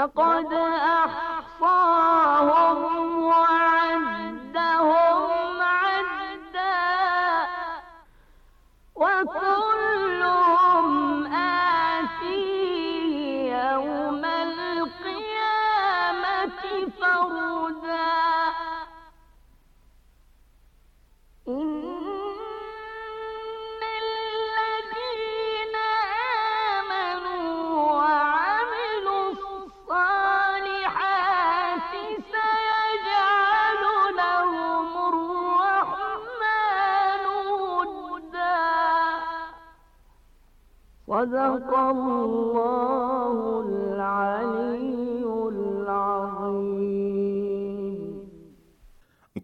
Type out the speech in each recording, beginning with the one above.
لقد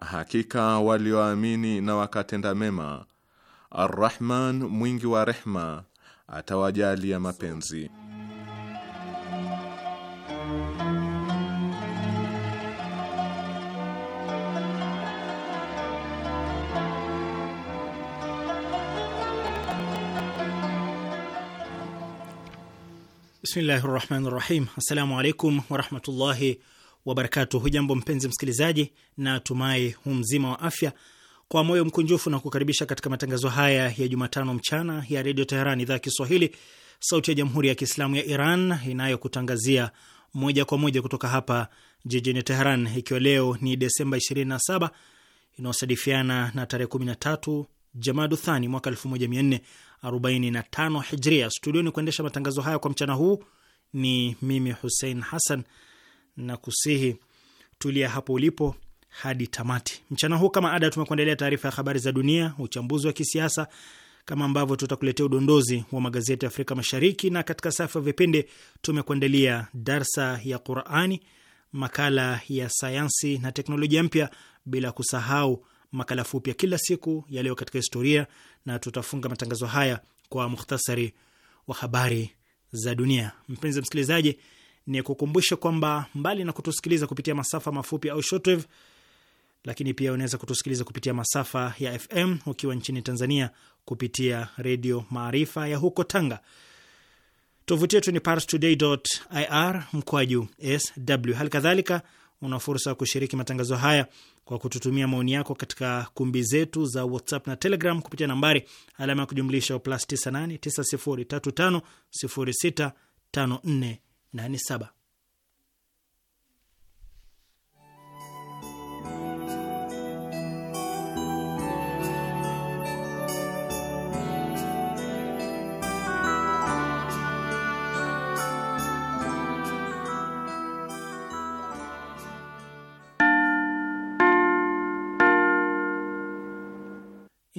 Hakika walioamini na wakatenda mema, Arrahman mwingi wa rehma atawajalia mapenzi. Bismillahi rahmani rahim. Assalamu alaikum warahmatullahi wabarakatuh. Hujambo mpenzi msikilizaji, na tumai hu mzima wa afya. Kwa moyo mkunjufu na kukaribisha katika matangazo haya ya Jumatano mchana ya Redio Teheran, idhaa ya Kiswahili, sauti ya Jamhuri ya Kiislamu ya Iran inayokutangazia moja kwa moja kutoka hapa jijini Teheran, ikiwa leo ni Desemba 27 inayosadifiana na tarehe 13 Jamadu Thani mwaka 1445 Hijria. Studioni kuendesha matangazo haya kwa mchana huu ni mimi Hussein Hassan, na kusihi tulia hapo ulipo hadi tamati. Mchana huu kama ada, tumekuandalia taarifa ya habari za dunia, uchambuzi wa kisiasa, kama ambavyo tutakuletea udondozi wa magazeti ya Afrika Mashariki, na katika safu ya vipindi tumekuandalia darsa ya Qurani, makala ya sayansi na teknolojia mpya, bila kusahau makala fupi ya kila siku ya leo katika historia, na tutafunga matangazo haya kwa mukhtasari wa habari za dunia. Mpenzi msikilizaji ni kukumbusha kwamba mbali na kutusikiliza kupitia masafa mafupi au shortwave, lakini pia unaweza kutusikiliza kupitia masafa ya FM ukiwa nchini Tanzania kupitia Redio Maarifa ya huko Tanga. Tovuti yetu ni parstoday.ir mkwaju sw. Hali kadhalika una fursa ya kushiriki matangazo haya kwa kututumia maoni yako katika kumbi zetu za WhatsApp na Telegram kupitia nambari alama ya kujumlisha plus 98 54 saba.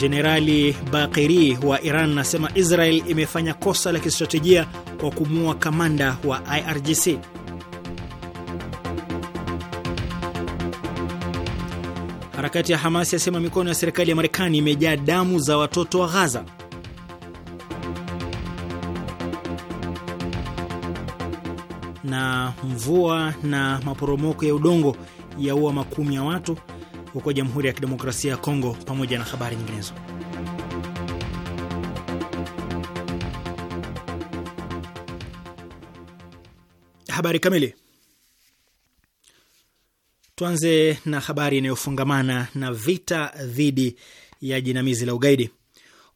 Jenerali Bakiri wa Iran anasema Israel imefanya kosa la kistratejia kwa kumuua kamanda wa IRGC. Harakati ya Hamas yasema mikono ya serikali ya Marekani imejaa damu za watoto wa Ghaza. Na mvua na maporomoko ya udongo yaua makumi ya watu huko Jamhuri ya Kidemokrasia ya Kongo, pamoja na habari nyinginezo. Habari kamili. Tuanze na habari inayofungamana na vita dhidi ya jinamizi la ugaidi.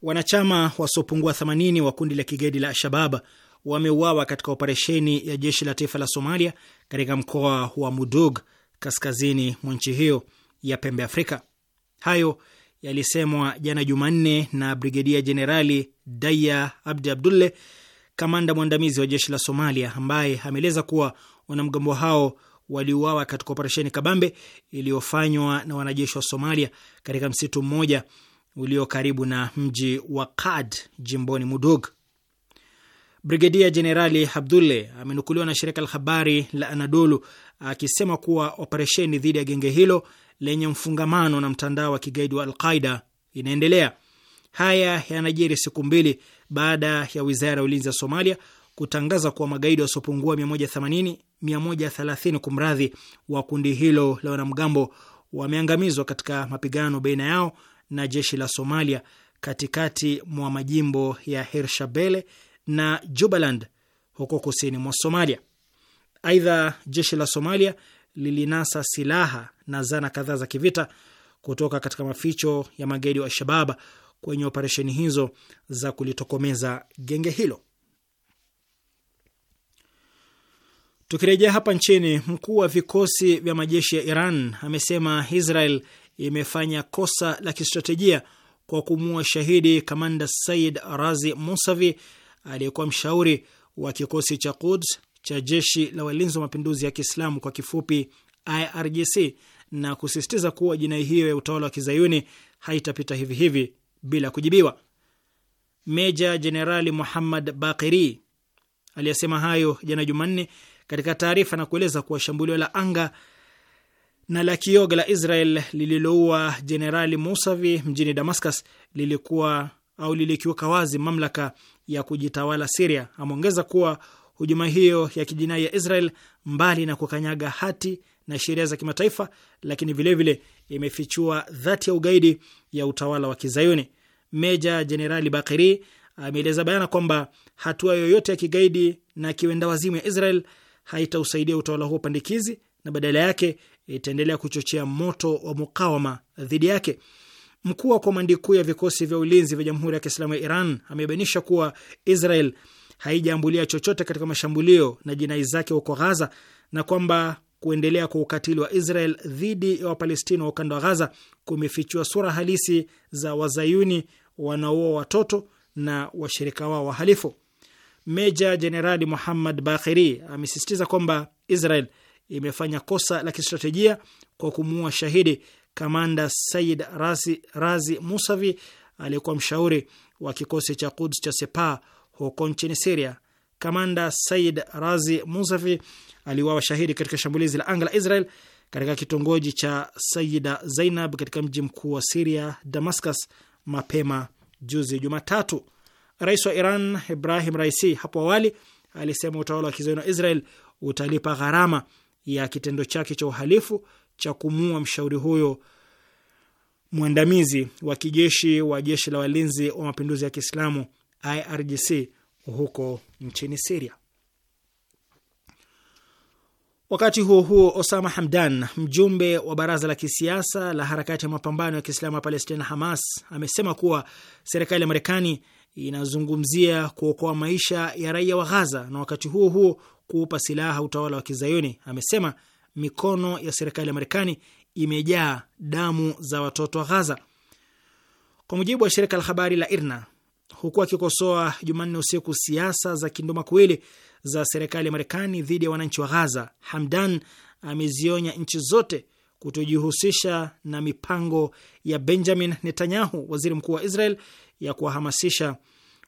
Wanachama wasiopungua 80 wa kundi la kigaidi la Alshabab wameuawa katika operesheni ya jeshi la taifa la Somalia katika mkoa wa Mudug kaskazini mwa nchi hiyo ya pembe Afrika. Hayo yalisemwa jana Jumanne na Brigedia Jenerali Daya Abdi Abdulle, kamanda mwandamizi wa jeshi la Somalia, ambaye ameeleza kuwa wanamgambo hao waliuawa katika operesheni kabambe iliyofanywa na wanajeshi wa Somalia katika msitu mmoja ulio karibu na mji wa Kad jimboni Mudug. Brigedia Jenerali Abdulle amenukuliwa na shirika la habari la Anadolu akisema kuwa operesheni dhidi ya genge hilo lenye mfungamano na mtandao wa kigaidi wa Alqaida inaendelea. Haya yanajiri siku mbili baada ya wizara ya ulinzi ya Somalia kutangaza kuwa magaidi wasiopungua 180 130 kumradhi, wa kundi hilo la wanamgambo wameangamizwa katika mapigano baina yao na jeshi la Somalia katikati mwa majimbo ya Hirshabelle na Jubaland huko kusini mwa Somalia. Aidha, jeshi la Somalia lilinasa silaha na zana kadhaa za kivita kutoka katika maficho ya magaidi wa Al-Shabab kwenye operesheni hizo za kulitokomeza genge hilo. Tukirejea hapa nchini, mkuu wa vikosi vya majeshi ya Iran amesema Israel imefanya kosa la kistratejia kwa kumua shahidi kamanda Said Razi Musavi aliyekuwa mshauri wa kikosi cha Quds cha jeshi la walinzi wa mapinduzi ya Kiislamu kwa kifupi IRGC na kusisitiza kuwa jinai hiyo ya utawala wa kizayuni haitapita hivi hivi bila kujibiwa. Meja Jenerali Muhammad Bakiri aliyesema hayo jana Jumanne katika taarifa na kueleza kuwa shambulio la anga na la kioga la Israel lililoua Jenerali Musavi mjini Damascus lilikuwa au lilikiuka wazi mamlaka ya kujitawala Siria. Ameongeza kuwa hujuma hiyo ya kijinai ya Israel, mbali na kukanyaga hati na sheria za kimataifa, lakini vilevile vile imefichua dhati ya ugaidi ya utawala wa Kizayuni. Meja Jenerali Bakiri ameeleza bayana kwamba hatua yoyote ya kigaidi na kiwenda wazimu ya Israel haitausaidia utawala huo pandikizi na badala yake itaendelea kuchochea moto wa mukawama dhidi yake. Mkuu wa komandi kuu ya vikosi vya ulinzi vya Jamhuri ya Kiislamu ya Iran amebainisha kuwa Israel haijaambulia chochote katika mashambulio na jinai zake huko Ghaza na kwamba kuendelea kwa ukatili wa Israel dhidi ya Wapalestina wa ukanda wa Ghaza kumefichua sura halisi za wazayuni wanaoua watoto na washirika wao wahalifu. Meja Jenerali Muhammad Bakhiri amesisitiza kwamba Israel imefanya kosa la kistratejia kwa kumuua shahidi kamanda Said Razi, Razi Musavi aliyekuwa mshauri wa kikosi cha Quds cha Sepa huko nchini Siria. Kamanda Said Razi Musavi aliuawa shahidi katika shambulizi la anga la Israel katika kitongoji cha Sayida Zainab katika mji mkuu wa Siria, Damascus, mapema juzi Jumatatu. Rais wa Iran Ibrahim Raisi hapo awali alisema utawala wa kizayuni wa Israel utalipa gharama ya kitendo chake cha uhalifu cha kumuua mshauri huyo mwandamizi wa kijeshi wa jeshi la walinzi wa mapinduzi ya Kiislamu IRGC huko nchini Siria. Wakati huo huo, Osama Hamdan, mjumbe wa baraza la kisiasa la harakati ya mapambano ya Kiislamu ya Palestina, Hamas, amesema kuwa serikali ya Marekani inazungumzia kuokoa maisha ya raia wa Ghaza na wakati huo huo kuupa silaha utawala wa Kizayuni. Amesema mikono ya serikali ya Marekani imejaa damu za watoto wa Ghaza, kwa mujibu wa shirika la habari la IRNA. Huku akikosoa Jumanne usiku siasa za kinduma kuwili za serikali ya Marekani dhidi ya wananchi wa Ghaza, Hamdan amezionya nchi zote kutojihusisha na mipango ya Benjamin Netanyahu, waziri mkuu wa Israel, ya kuwahamasisha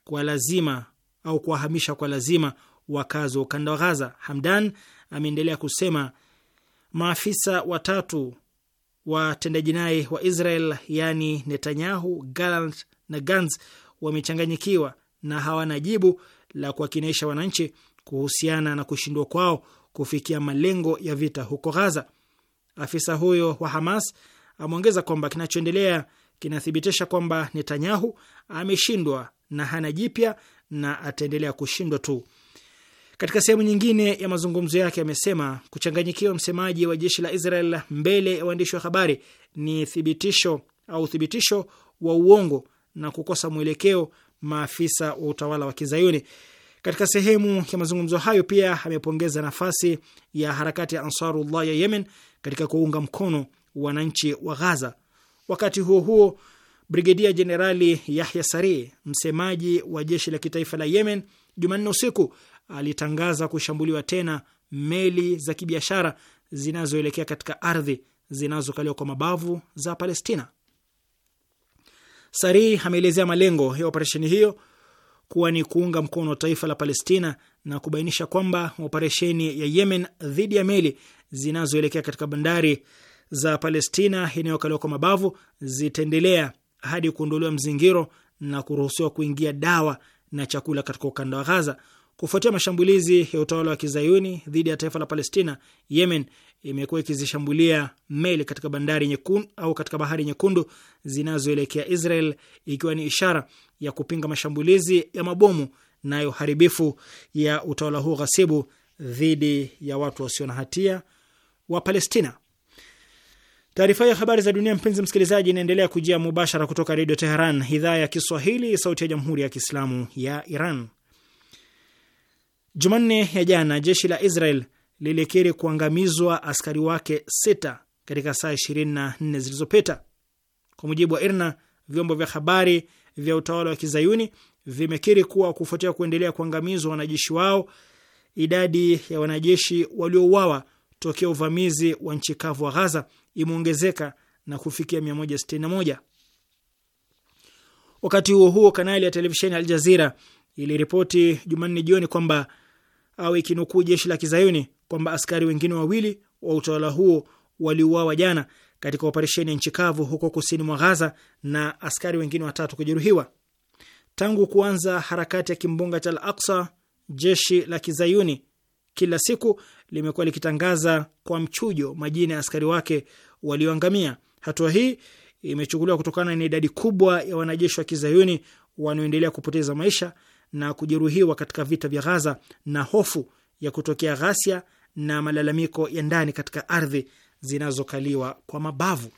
kwa lazima au kuwahamisha kwa lazima wakazi wa ukanda wa Ghaza. Hamdan ameendelea kusema Maafisa watatu wa naye wa Israel yaani Netanyahu, Gallant na Gans wamechanganyikiwa na hawana jibu la kuwakinisha wananchi kuhusiana na kushindwa kwao kufikia malengo ya vita huko Ghaza. Afisa huyo wa Hamas ameongeza kwamba kinachoendelea kinathibitisha kwamba Netanyahu ameshindwa na hana jipya na ataendelea kushindwa tu. Katika sehemu nyingine ya mazungumzo yake amesema kuchanganyikiwa msemaji wa jeshi la Israel mbele ya waandishi wa habari ni thibitisho au uthibitisho wa uongo na kukosa mwelekeo maafisa wa utawala wa Kizayuni. Katika sehemu ya mazungumzo hayo pia amepongeza nafasi ya harakati ya Ansarullah ya Yemen katika kuunga mkono wananchi wa Ghaza. Wakati huo huo, Brigedia Jenerali Yahya Sari, msemaji wa jeshi la kitaifa la Yemen, Jumanne usiku alitangaza kushambuliwa tena meli za kibiashara zinazoelekea katika ardhi zinazokaliwa kwa mabavu za Palestina. Sari ameelezea malengo ya operesheni hiyo kuwa ni kuunga mkono taifa la Palestina na kubainisha kwamba operesheni ya Yemen dhidi ya meli zinazoelekea katika bandari za Palestina inayokaliwa kwa mabavu zitaendelea hadi kuondolewa mzingiro na kuruhusiwa kuingia dawa na chakula katika ukanda wa Ghaza. Kufuatia mashambulizi ya utawala wa kizayuni dhidi ya taifa la Palestina, Yemen imekuwa ikizishambulia meli katika bandari nyekundu au katika bahari nyekundu zinazoelekea Israel, ikiwa ni ishara ya kupinga mashambulizi ya mabomu na ya uharibifu ya utawala huo ghasibu dhidi ya watu wasio na hatia wa Palestina. Taarifa ya habari za dunia, mpenzi msikilizaji, inaendelea kujia mubashara kutoka Redio Teheran, idhaa ya Kiswahili, sauti ya jamhuri ya kiislamu ya Iran. Jumanne ya jana jeshi la Israel lilikiri kuangamizwa askari wake sita katika saa 24 zilizopita. Kwa mujibu wa IRNA, vyombo vya habari vya utawala wa kizayuni vimekiri kuwa kufuatia kuendelea kuangamizwa wanajeshi wao, idadi ya wanajeshi waliouawa tokea uvamizi wa nchi kavu wa Ghaza imeongezeka na kufikia 161. Wakati huo huo, kanali ya televisheni Al Jazira iliripoti Jumanne jioni kwamba au ikinukuu jeshi la kizayuni kwamba askari wengine wawili wa utawala huo waliuawa jana katika operesheni ya nchi kavu huko kusini mwa Ghaza na askari wengine watatu kujeruhiwa. Tangu kuanza harakati ya kimbunga cha Al-Aqsa, jeshi la kizayuni kila siku limekuwa likitangaza kwa mchujo majina ya askari wake walioangamia. Hatua hii imechukuliwa kutokana na idadi kubwa ya wanajeshi wa kizayuni wanaoendelea kupoteza maisha na kujeruhiwa katika vita vya Ghaza na hofu ya kutokea ghasia na malalamiko ya ndani katika ardhi zinazokaliwa kwa mabavu.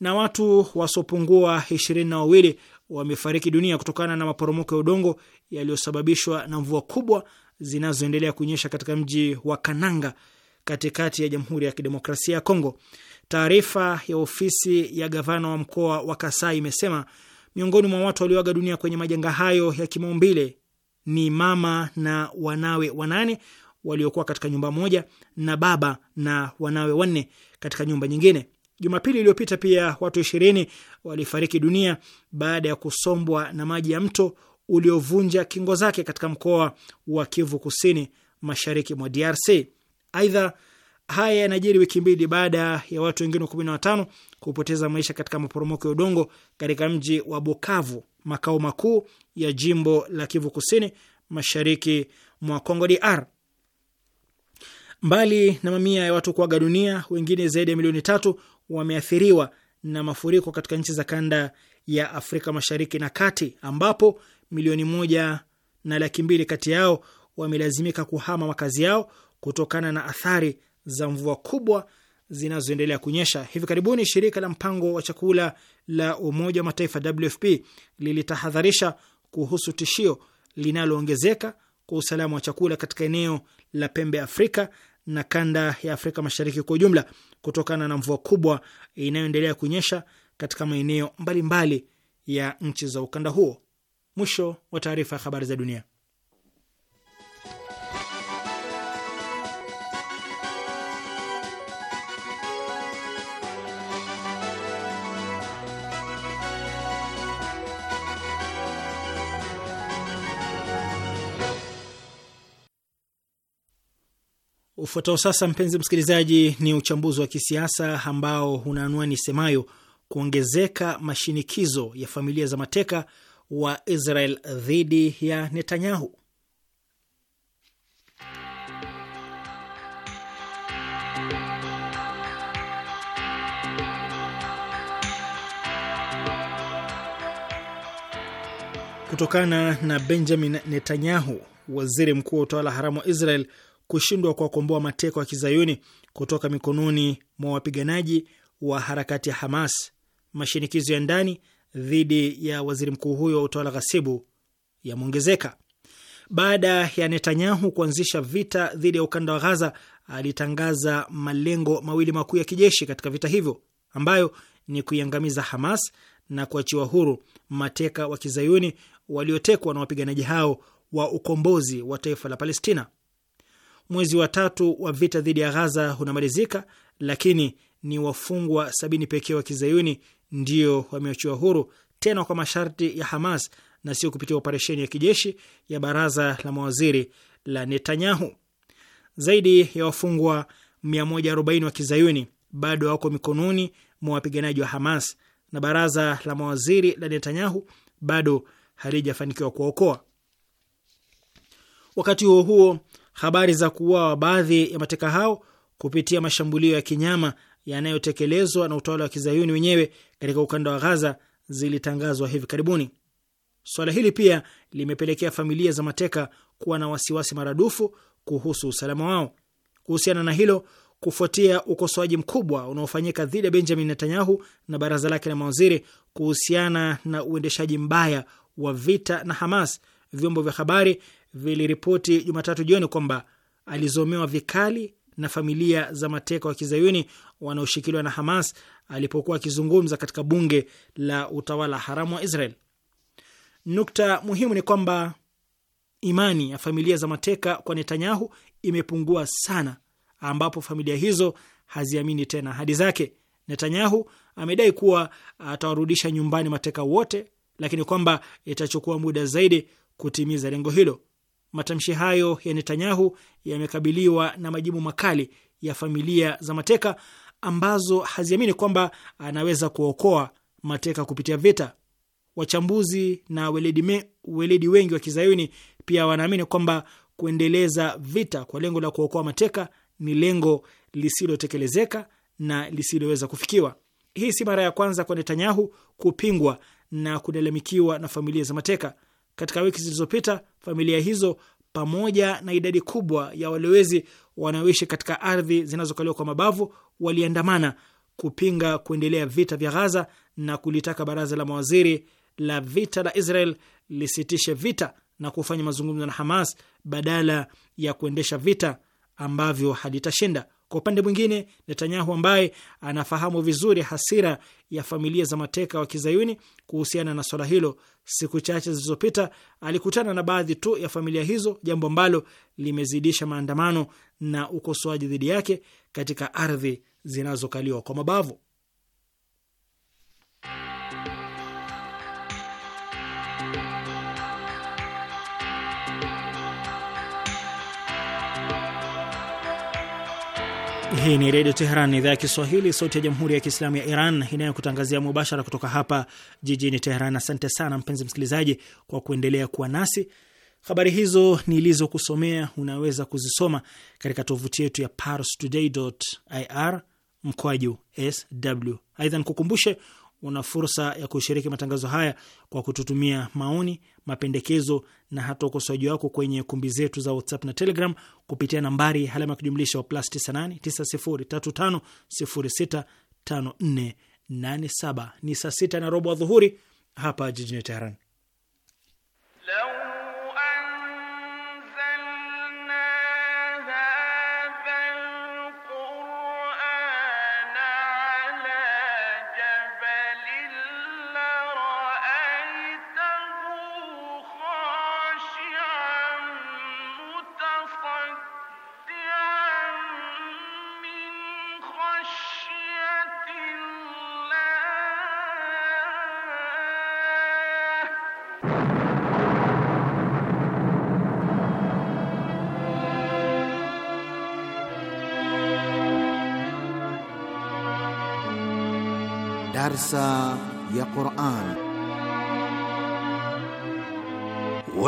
Na watu wasiopungua ishirini na wawili wamefariki dunia kutokana na maporomoko ya udongo yaliyosababishwa na mvua kubwa zinazoendelea kunyesha katika mji wa Kananga katikati ya Jamhuri ya Kidemokrasia ya Kongo. Taarifa ya ofisi ya gavana wa mkoa wa Kasai imesema Miongoni mwa watu walioaga dunia kwenye majanga hayo ya kimaumbile ni mama na wanawe wanane waliokuwa katika nyumba moja na baba na wanawe wanne katika nyumba nyingine. Jumapili iliyopita pia watu ishirini walifariki dunia baada ya kusombwa na maji ya mto uliovunja kingo zake katika mkoa wa Kivu Kusini, mashariki mwa DRC. Aidha, haya yanajiri wiki mbili baada ya watu wengine kumi na watano kupoteza maisha katika maporomoko ya udongo katika mji wa Bukavu, makao makuu ya jimbo la Kivu Kusini, mashariki mwa Congo DR. Mbali na mamia ya watu kuaga dunia, wengine zaidi ya milioni tatu wameathiriwa na mafuriko katika nchi za kanda ya Afrika Mashariki na Kati, ambapo milioni moja na laki mbili kati yao wamelazimika kuhama makazi yao kutokana na athari za mvua kubwa zinazoendelea kunyesha. Hivi karibuni shirika la mpango wa chakula la Umoja wa Mataifa WFP lilitahadharisha kuhusu tishio linaloongezeka kwa usalama wa chakula katika eneo la pembe Afrika na kanda ya Afrika Mashariki kwa ujumla kutokana na mvua kubwa inayoendelea kunyesha katika maeneo mbalimbali ya nchi za ukanda huo. Mwisho wa taarifa ya habari za dunia. Ufuatao sasa, mpenzi msikilizaji, ni uchambuzi wa kisiasa ambao una anwani semayo kuongezeka mashinikizo ya familia za mateka wa Israel dhidi ya Netanyahu. Kutokana na Benjamin Netanyahu, waziri mkuu wa utawala haramu wa Israel kushindwa kuwakomboa mateka wa kizayuni kutoka mikononi mwa wapiganaji wa harakati ya Hamas, mashinikizo ya ndani dhidi ya waziri mkuu huyo wa utawala ghasibu yameongezeka. Baada ya Netanyahu kuanzisha vita dhidi ya ukanda wa Ghaza, alitangaza malengo mawili makuu ya kijeshi katika vita hivyo, ambayo ni kuiangamiza Hamas na kuachiwa huru mateka wa kizayuni waliotekwa na wapiganaji hao wa ukombozi wa taifa la Palestina. Mwezi wa tatu wa vita dhidi ya Ghaza unamalizika, lakini ni wafungwa sabini pekee wa kizayuni ndio wameachiwa huru, tena kwa masharti ya Hamas na sio kupitia operesheni ya kijeshi ya baraza la mawaziri la Netanyahu. Zaidi ya wafungwa 140 wa kizayuni bado wako mikononi mwa wapiganaji wa Hamas na baraza la mawaziri la Netanyahu bado halijafanikiwa kuwaokoa. Wakati huo huo, habari za kuuawa baadhi ya mateka hao kupitia mashambulio ya kinyama yanayotekelezwa na utawala wa kizayuni wenyewe katika ukanda wa Ghaza zilitangazwa hivi karibuni. Swala hili pia limepelekea familia za mateka kuwa na wasiwasi maradufu kuhusu usalama wao. Kuhusiana na hilo, kufuatia ukosoaji mkubwa unaofanyika dhidi ya Benjamin Netanyahu na baraza lake la mawaziri kuhusiana na uendeshaji mbaya wa vita na Hamas, vyombo vya habari viliripoti Jumatatu jioni kwamba alizomewa vikali na familia za mateka wa kizayuni wanaoshikiliwa na Hamas alipokuwa akizungumza katika bunge la utawala haramu wa Israel. Nukta muhimu ni kwamba imani ya familia za mateka kwa Netanyahu imepungua sana, ambapo familia hizo haziamini tena ahadi zake. Netanyahu amedai kuwa atawarudisha nyumbani mateka wote, lakini kwamba itachukua muda zaidi kutimiza lengo hilo. Matamshi hayo ya Netanyahu yamekabiliwa na majibu makali ya familia za mateka ambazo haziamini kwamba anaweza kuokoa mateka kupitia vita. Wachambuzi na weledi, me, weledi wengi wa kizayuni pia wanaamini kwamba kuendeleza vita kwa lengo la kuokoa mateka ni lengo lisilotekelezeka na lisiloweza kufikiwa. Hii si mara ya kwanza kwa Netanyahu kupingwa na kulalamikiwa na familia za mateka. Katika wiki zilizopita, familia hizo pamoja na idadi kubwa ya walowezi wanaoishi katika ardhi zinazokaliwa kwa mabavu waliandamana kupinga kuendelea vita vya Ghaza na kulitaka baraza la mawaziri la vita la Israel lisitishe vita na kufanya mazungumzo na Hamas badala ya kuendesha vita ambavyo halitashinda. Kwa upande mwingine, Netanyahu ambaye anafahamu vizuri hasira ya familia za mateka wa kizayuni kuhusiana na swala hilo, siku chache zilizopita alikutana na baadhi tu ya familia hizo, jambo ambalo limezidisha maandamano na ukosoaji dhidi yake katika ardhi zinazokaliwa kwa mabavu. Hii ni Redio Teheran, idhaa ya Kiswahili, sauti ya Jamhuri ya Kiislamu ya Iran inayokutangazia mubashara kutoka hapa jijini Teheran. Asante sana mpenzi msikilizaji kwa kuendelea kuwa nasi. Habari hizo nilizokusomea unaweza kuzisoma katika tovuti yetu ya parstoday.ir mkoaju sw. Aidha, nikukumbushe una fursa ya kushiriki matangazo haya kwa kututumia maoni, mapendekezo na hata ukosoaji wako kwenye kumbi zetu za WhatsApp na Telegram kupitia nambari alama ya kujumlisha wa plus 989035065487. Ni saa sita na robo adhuhuri hapa jijini Teherani.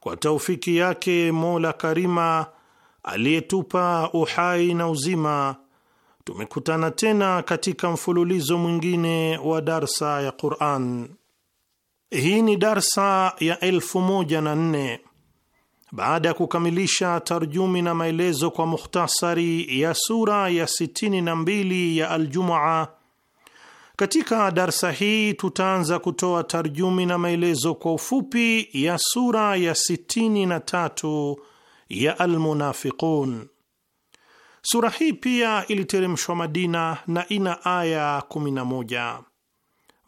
kwa taufiki yake Mola Karima aliyetupa uhai na uzima, tumekutana tena katika mfululizo mwingine wa darsa ya Quran. Hii ni darsa ya elfu moja na nne baada ya kukamilisha tarjumi na maelezo kwa mukhtasari ya sura ya sitini na mbili ya Aljumaa katika darsa hii tutaanza kutoa tarjumi na maelezo kwa ufupi ya sura ya 63 ya Almunafiqun. Sura hii pia iliteremshwa Madina na ina aya 11.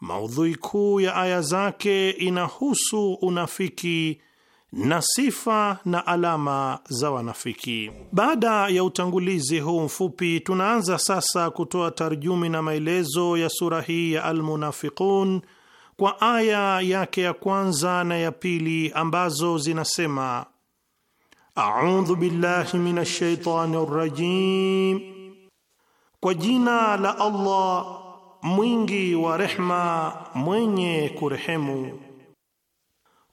Maudhui kuu ya aya zake inahusu unafiki na sifa na alama za wanafiki. Baada ya utangulizi huu mfupi, tunaanza sasa kutoa tarjumi na maelezo ya sura hii ya Almunafiqun kwa aya yake ya kwanza na ya pili ambazo zinasema: audhu billahi minash rajim, kwa jina la Allah mwingi wa rehma mwenye kurehemu.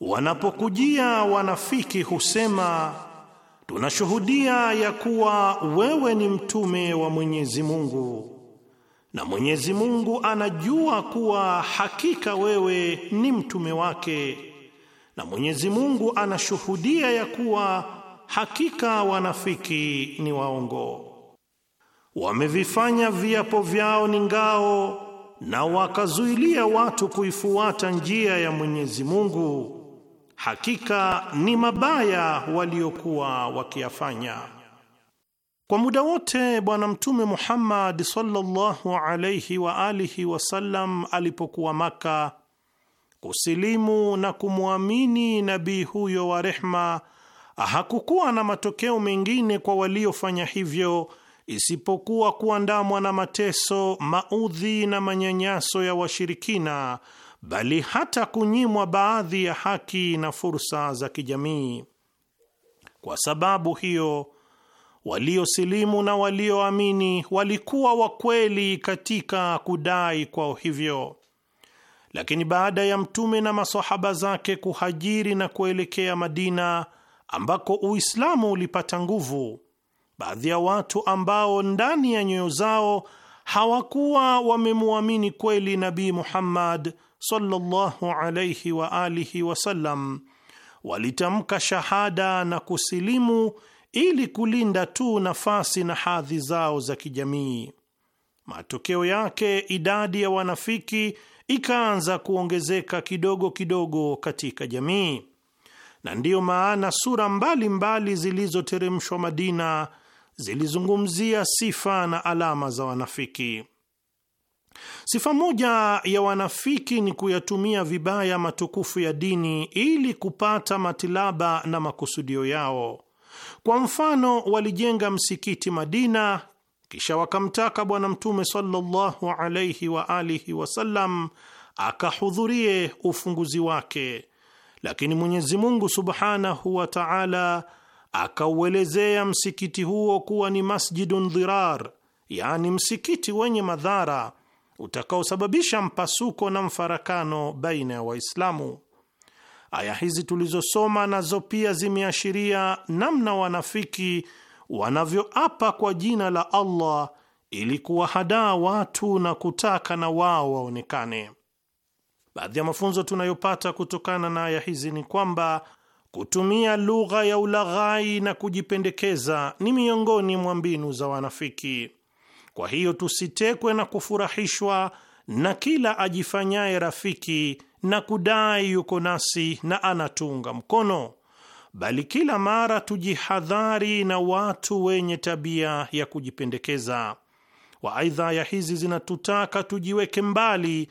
Wanapokujia wanafiki husema tunashuhudia ya kuwa wewe ni mtume wa Mwenyezi Mungu na Mwenyezi Mungu anajua kuwa hakika wewe ni mtume wake, na Mwenyezi Mungu anashuhudia ya kuwa hakika wanafiki ni waongo. Wamevifanya viapo vyao ni ngao na wakazuilia watu kuifuata njia ya Mwenyezi Mungu hakika ni mabaya waliokuwa wakiyafanya. Kwa muda wote Bwana Mtume Muhammad sallallahu alayhi wa alihi wasallam alipokuwa Maka, kusilimu na kumwamini nabii huyo wa rehma hakukuwa na matokeo mengine kwa waliofanya hivyo isipokuwa kuandamwa na mateso, maudhi na manyanyaso ya washirikina bali hata kunyimwa baadhi ya haki na fursa za kijamii. Kwa sababu hiyo, waliosilimu na walioamini walikuwa wakweli katika kudai kwao hivyo, lakini baada ya Mtume na masahaba zake kuhajiri na kuelekea Madina ambako Uislamu ulipata nguvu, baadhi ya watu ambao ndani ya nyoyo zao hawakuwa wamemwamini kweli Nabii Muhammad sallallahu alayhi wa alihi wasallam, walitamka shahada na kusilimu ili kulinda tu nafasi na hadhi zao za kijamii. Matokeo yake idadi ya wanafiki ikaanza kuongezeka kidogo kidogo katika jamii, na ndiyo maana sura mbalimbali zilizoteremshwa Madina zilizungumzia sifa na alama za wanafiki. Sifa moja ya wanafiki ni kuyatumia vibaya matukufu ya dini ili kupata matilaba na makusudio yao. Kwa mfano, walijenga msikiti Madina, kisha wakamtaka Bwana Mtume sallallahu alaihi wa alihi wasallam akahudhurie ufunguzi wake, lakini Mwenyezi Mungu subhanahu wa taala akauelezea msikiti huo kuwa ni masjidun dhirar, yaani msikiti wenye madhara utakaosababisha mpasuko na mfarakano baina ya Waislamu. Aya hizi tulizosoma nazo pia zimeashiria namna wanafiki wanavyoapa kwa jina la Allah ili kuwahadaa watu na kutaka na wao waonekane. Baadhi ya mafunzo tunayopata kutokana na aya hizi ni kwamba Kutumia lugha ya ulaghai na kujipendekeza ni miongoni mwa mbinu za wanafiki. Kwa hiyo tusitekwe na kufurahishwa na kila ajifanyaye rafiki na kudai yuko nasi na anatuunga mkono, bali kila mara tujihadhari na watu wenye tabia ya kujipendekeza. Waidha ya hizi zinatutaka tujiweke mbali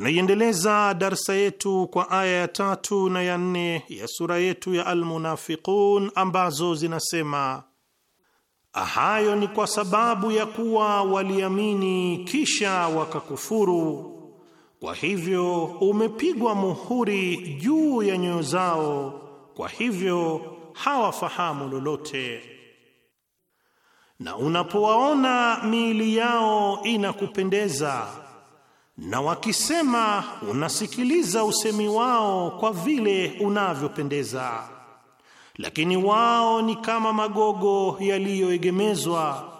Tunaiendeleza darsa yetu kwa aya ya tatu na ya nne ya sura yetu ya Almunafiqun ambazo zinasema: hayo ni kwa sababu ya kuwa waliamini kisha wakakufuru, kwa hivyo umepigwa muhuri juu ya nyoyo zao, kwa hivyo hawafahamu lolote. Na unapowaona miili yao inakupendeza na wakisema unasikiliza usemi wao kwa vile unavyopendeza, lakini wao ni kama magogo yaliyoegemezwa.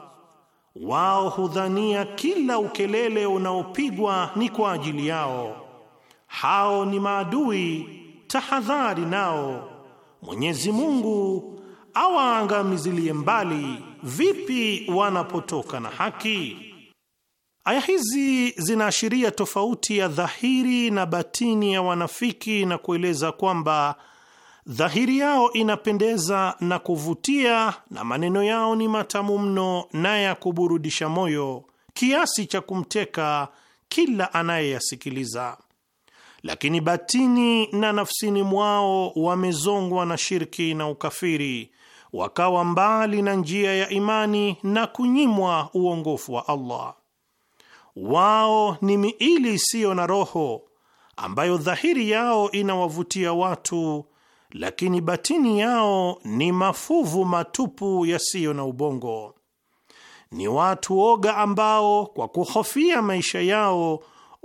Wao hudhania kila ukelele unaopigwa ni kwa ajili yao. Hao ni maadui, tahadhari nao. Mwenyezi Mungu awaangamizilie mbali. Vipi wanapotoka na haki? Aya hizi zinaashiria tofauti ya dhahiri na batini ya wanafiki na kueleza kwamba dhahiri yao inapendeza na kuvutia na maneno yao ni matamu mno na ya kuburudisha moyo kiasi cha kumteka kila anayeyasikiliza, lakini batini na nafsini mwao wamezongwa na shirki na ukafiri, wakawa mbali na njia ya imani na kunyimwa uongofu wa Allah wao ni miili isiyo na roho ambayo dhahiri yao inawavutia watu, lakini batini yao ni mafuvu matupu yasiyo na ubongo. Ni watu oga ambao kwa kuhofia maisha yao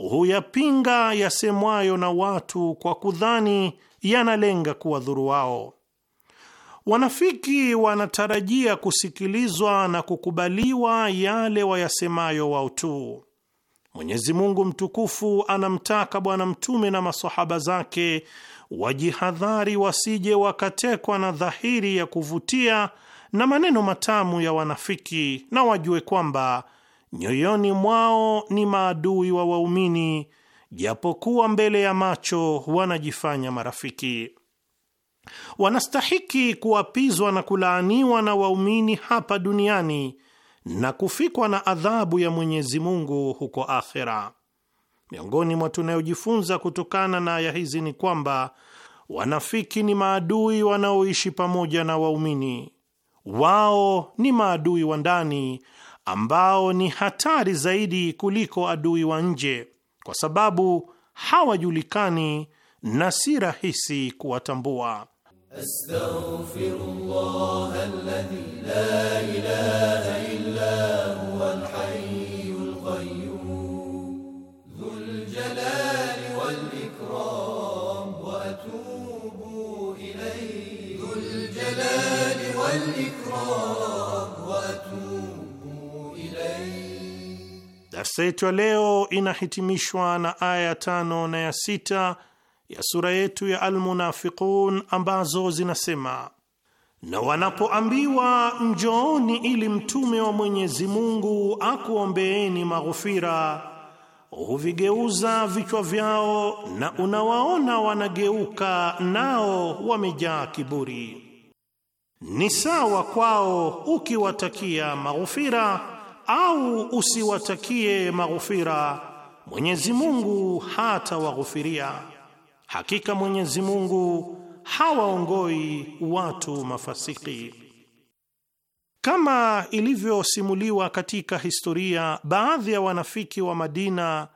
huyapinga yasemwayo na watu kwa kudhani yanalenga kuwadhuru wao. Wanafiki wanatarajia kusikilizwa na kukubaliwa yale wayasemayo wao tu. Mwenyezi Mungu mtukufu anamtaka Bwana Mtume na masahaba zake wajihadhari wasije wakatekwa na dhahiri ya kuvutia na maneno matamu ya wanafiki, na wajue kwamba nyoyoni mwao ni maadui wa waumini, japokuwa mbele ya macho wanajifanya marafiki. Wanastahiki kuapizwa na kulaaniwa na waumini hapa duniani na kufikwa na adhabu ya Mwenyezi Mungu huko akhera. Miongoni mwa tunayojifunza kutokana na aya hizi ni kwamba wanafiki ni maadui wanaoishi pamoja na waumini. Wao ni maadui wa ndani ambao ni hatari zaidi kuliko adui wa nje, kwa sababu hawajulikani na si rahisi kuwatambua. أستغفر الله الذي لا إله إلا هو الحي القيوم ذو الجلال والإكرام وأتوب إليه ذو الجلال والإكرام وأتوب إليه. Darsa yetu ya leo inahitimishwa na aya tano na ya sura yetu ya Almunafiqun ambazo zinasema: na wanapoambiwa njooni ili mtume wa Mwenyezi Mungu akuombeeni maghufira, huvigeuza vichwa vyao na unawaona wanageuka, nao wamejaa kiburi. Ni sawa kwao ukiwatakia maghufira au usiwatakie maghufira, Mwenyezi Mungu hatawaghufiria. Hakika Mwenyezi Mungu hawaongoi watu mafasiki. Kama ilivyosimuliwa katika historia, baadhi ya wanafiki wa Madina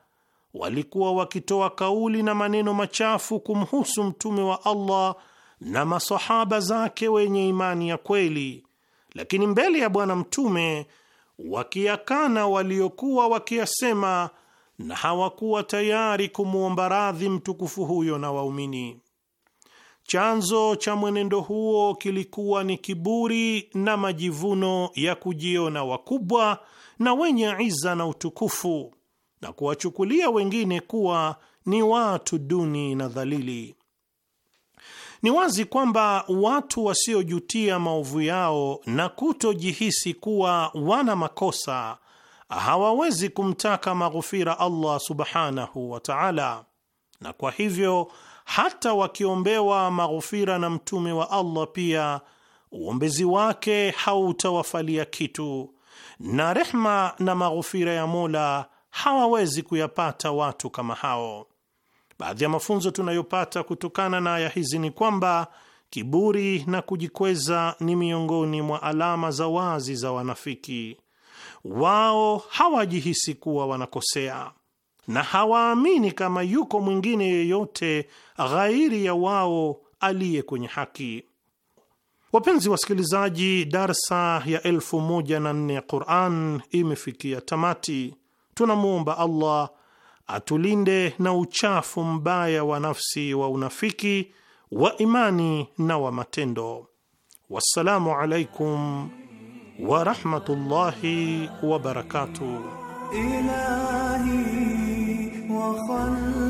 walikuwa wakitoa kauli na maneno machafu kumhusu mtume wa Allah na masahaba zake wenye imani ya kweli, lakini mbele ya Bwana Mtume wakiyakana waliokuwa wakiyasema na hawakuwa tayari kumwomba radhi mtukufu huyo na waumini. Chanzo cha mwenendo huo kilikuwa ni kiburi na majivuno ya kujiona wakubwa na wenye iza na utukufu na kuwachukulia wengine kuwa ni watu duni na dhalili. Ni wazi kwamba watu wasiojutia maovu yao na kutojihisi kuwa wana makosa hawawezi kumtaka maghufira Allah subhanahu wa ta'ala, na kwa hivyo hata wakiombewa maghufira na mtume wa Allah pia uombezi wake hautawafalia kitu, na rehma na maghufira ya Mola hawawezi kuyapata watu kama hao. Baadhi ya mafunzo tunayopata kutokana na aya hizi ni kwamba kiburi na kujikweza ni miongoni mwa alama za wazi za wanafiki wao hawajihisi kuwa wanakosea na hawaamini kama yuko mwingine yeyote ghairi ya wao aliye kwenye haki. Wapenzi wasikilizaji, darsa ya elfu moja na nne ya Quran imefikia tamati. Tunamwomba Allah atulinde na uchafu mbaya wa nafsi wa unafiki wa imani na wa matendo. Wassalamu alaikum ورحمة الله وبركاته إلهي وخلق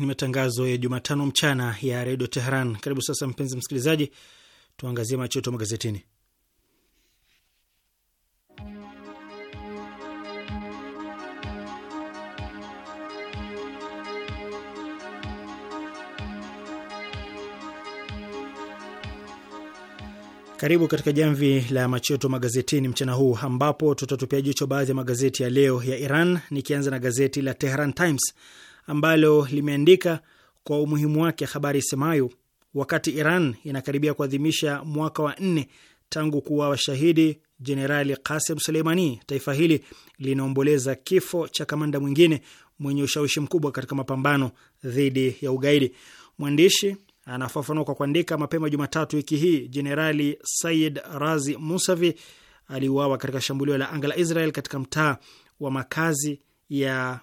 ni matangazo ya Jumatano mchana ya redio Teheran. Karibu sasa, mpenzi msikilizaji, tuangazie machoto magazetini. Karibu katika jamvi la macheto magazetini mchana huu ambapo tutatupia jicho baadhi ya magazeti ya leo ya Iran, nikianza na gazeti la teheran Times ambalo limeandika kwa umuhimu wake habari isemayo, wakati Iran inakaribia kuadhimisha mwaka wa nne tangu kuwa washahidi Jenerali Kasem Suleimani, taifa hili linaomboleza kifo cha kamanda mwingine mwenye ushawishi mkubwa katika mapambano dhidi ya ugaidi. Mwandishi anafafanua kwa kuandika, mapema Jumatatu wiki hii Jenerali Sayid Razi Musavi aliuawa katika shambulio la anga la Israel katika mtaa wa makazi ya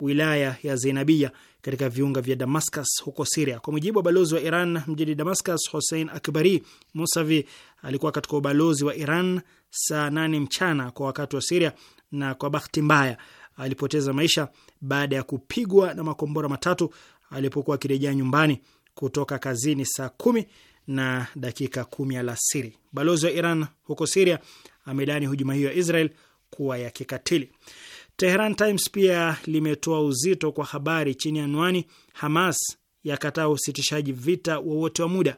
wilaya ya Zeinabia katika viunga vya Damascus huko Siria. Kwa mujibu wa balozi wa Iran mjini Damascus, Hussein Akbari Musavi alikuwa katika ubalozi wa Iran saa nane mchana kwa wakati wa Siria, na kwa bahati mbaya alipoteza maisha baada ya kupigwa na makombora matatu alipokuwa akirejea nyumbani kutoka kazini saa kumi na dakika kumi alasiri. Balozi wa Iran huko Siria amelaani hujuma hiyo ya Israel kuwa ya kikatili teheran Times pia limetoa uzito kwa habari chini ya anwani Hamas yakataa usitishaji vita wowote wa muda.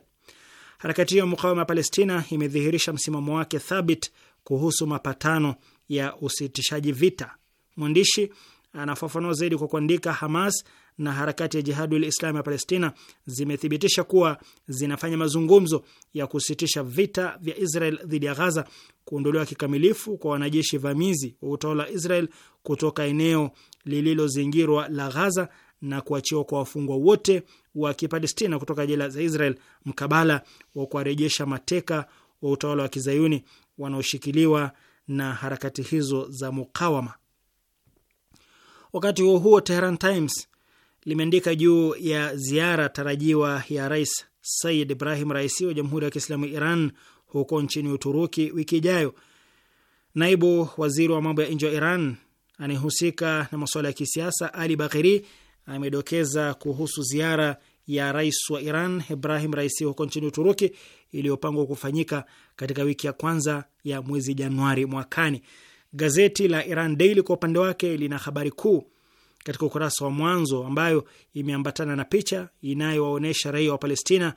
Harakati hiyo mukawama ya Palestina imedhihirisha msimamo wake thabit kuhusu mapatano ya usitishaji vita. Mwandishi anafafanua zaidi kwa kuandika, Hamas na harakati ya Jihadul Islam ya Palestina zimethibitisha kuwa zinafanya mazungumzo ya kusitisha vita vya Israel dhidi ya Ghaza, kuondolewa kikamilifu kwa wanajeshi vamizi wa utawala wa Israel kutoka eneo lililozingirwa la Ghaza na kuachiwa kwa wafungwa wote wa Kipalestina kutoka jela za Israel mkabala wa kuwarejesha mateka wa utawala wa kizayuni wanaoshikiliwa na harakati hizo za mukawama. Wakati huo huo, Tehran Times limeandika juu ya ziara tarajiwa ya Rais Said Ibrahim Raisi wa Jamhuri ya Kiislamu ya Iran huko nchini Uturuki wiki ijayo. Naibu waziri wa mambo ya nje wa Iran anayehusika na masuala ya kisiasa Ali Bagheri amedokeza kuhusu ziara ya rais wa Iran Ibrahim Raisi huko nchini Uturuki iliyopangwa kufanyika katika wiki ya kwanza ya mwezi Januari mwakani. Gazeti la Iran Daily kwa upande wake lina habari kuu katika ukurasa wa mwanzo ambayo imeambatana na picha inayowaonyesha raia wa Palestina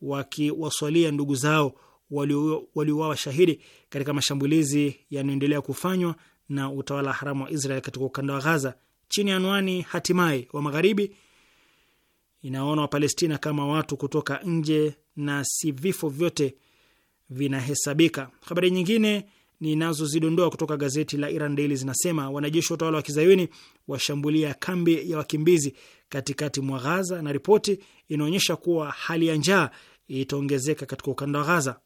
wakiwaswalia ndugu zao waliuawa shahidi katika mashambulizi yanayoendelea kufanywa na utawala haramu wa Israel katika ukanda wa Gaza chini ya anwani hatimaye wa magharibi inaona Wapalestina kama watu kutoka nje na si vifo vyote vinahesabika. Habari nyingine ninazozidondoa kutoka gazeti la Iran Daily zinasema wanajeshi wa utawala wa kizayuni washambulia kambi ya wakimbizi katikati mwa Ghaza, na ripoti inaonyesha kuwa hali ya njaa itaongezeka katika ukanda wa Ghaza.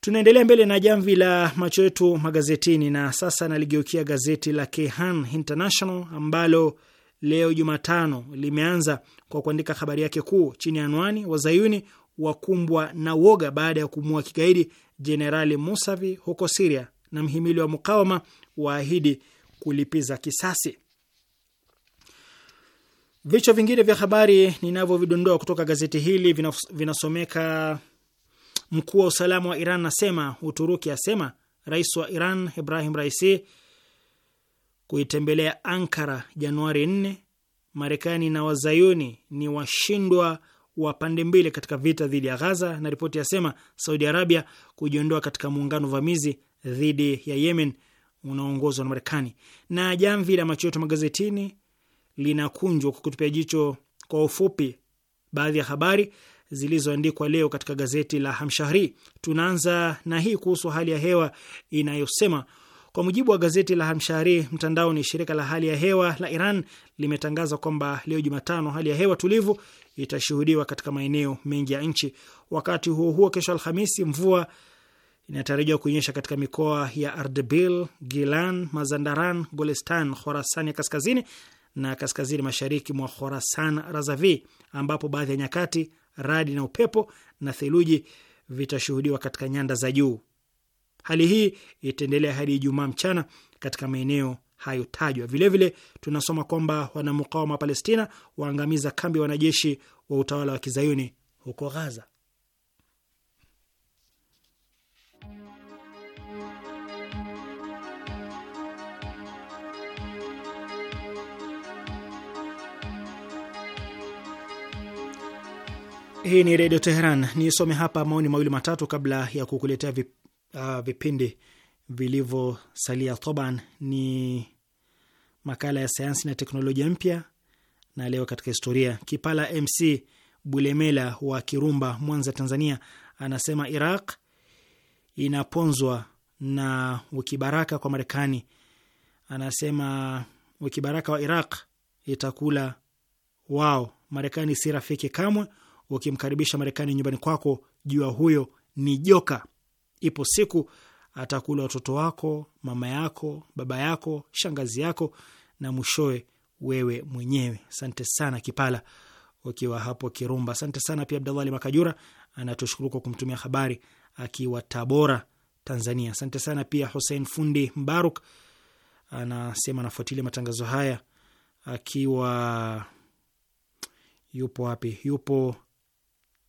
Tunaendelea mbele na jamvi la macho yetu magazetini, na sasa naligeukia gazeti la Kehan International ambalo leo Jumatano limeanza kwa kuandika habari yake kuu chini ya anwani wazayuni wakumbwa na woga baada ya kumua kigaidi Jenerali Musavi huko Siria, na mhimili wa mukawama waahidi kulipiza kisasi. Vichwa vingine vya habari ninavyovidondoa kutoka gazeti hili vinasomeka: mkuu wa usalama wa Iran asema Uturuki asema rais wa Iran Ibrahim Raisi kuitembelea Ankara Januari 4. Marekani na wazayuni ni washindwa wa pande mbili katika vita dhidi ya Ghaza, na ripoti yasema Saudi Arabia kujiondoa katika muungano vamizi dhidi ya Yemen unaoongozwa na Marekani. Na jamvi la macho yetu magazetini linakunjwa kwa kutupia jicho kwa ufupi baadhi ya habari zilizoandikwa leo katika gazeti la Hamshahri. Tunaanza na hii kuhusu hali ya hewa inayosema kwa mujibu wa gazeti la Hamshahri, mtandao ni shirika la hali ya hewa la Iran limetangaza kwamba leo Jumatano hali ya hewa tulivu itashuhudiwa katika maeneo mengi ya nchi. Wakati huo huo, kesho Alhamisi, mvua inatarajiwa kuonyesha katika mikoa ya ardbil Gilan, Mazandaran, Golestan, Khorasan ya kaskazini na kaskazini mashariki mwa Khorasan Razavi, ambapo baadhi ya nyakati radi na upepo na theluji vitashuhudiwa katika nyanda za juu. Hali hii itaendelea hadi Ijumaa mchana katika maeneo hayotajwa. Vilevile tunasoma kwamba wanamukawama wa Palestina waangamiza kambi ya wanajeshi wa utawala wa kizayuni huko Ghaza. Hii ni Redio Teheran. Nisome hapa maoni mawili matatu kabla ya kukuletea vip, uh, vipindi vilivyosalia. thoban ni makala ya sayansi na teknolojia mpya na leo katika historia. Kipala MC Bulemela wa Kirumba, Mwanza, Tanzania, anasema Iraq inaponzwa na wikibaraka kwa Marekani. Anasema wikibaraka wa Iraq itakula wao. Marekani si rafiki kamwe. Ukimkaribisha Marekani nyumbani kwako, jua huyo ni joka. Ipo siku atakula watoto wako, mama yako, baba yako, shangazi yako na mwishowe wewe mwenyewe. Asante sana Kipala ukiwa hapo Kirumba. Asante sana pia Abdallah Ali Makajura anatushukuru kwa kumtumia habari akiwa Tabora, Tanzania. Asante sana pia Hussein Fundi Mbaruk anasema anafuatilia matangazo haya akiwa yupo wapi? Yupo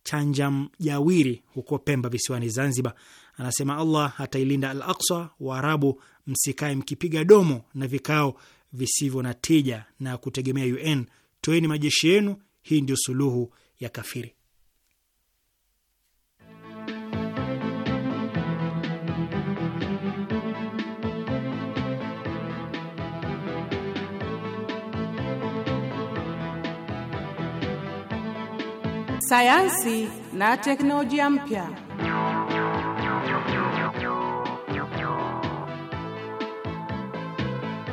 Chanjam Jawiri huko Pemba visiwani Zanzibar. Anasema Allah atailinda Al Aksa, Waarabu msikae mkipiga domo na vikao visivyo na tija na kutegemea UN. Toeni majeshi yenu, hii ndio suluhu ya kafiri. Sayansi na teknolojia mpya.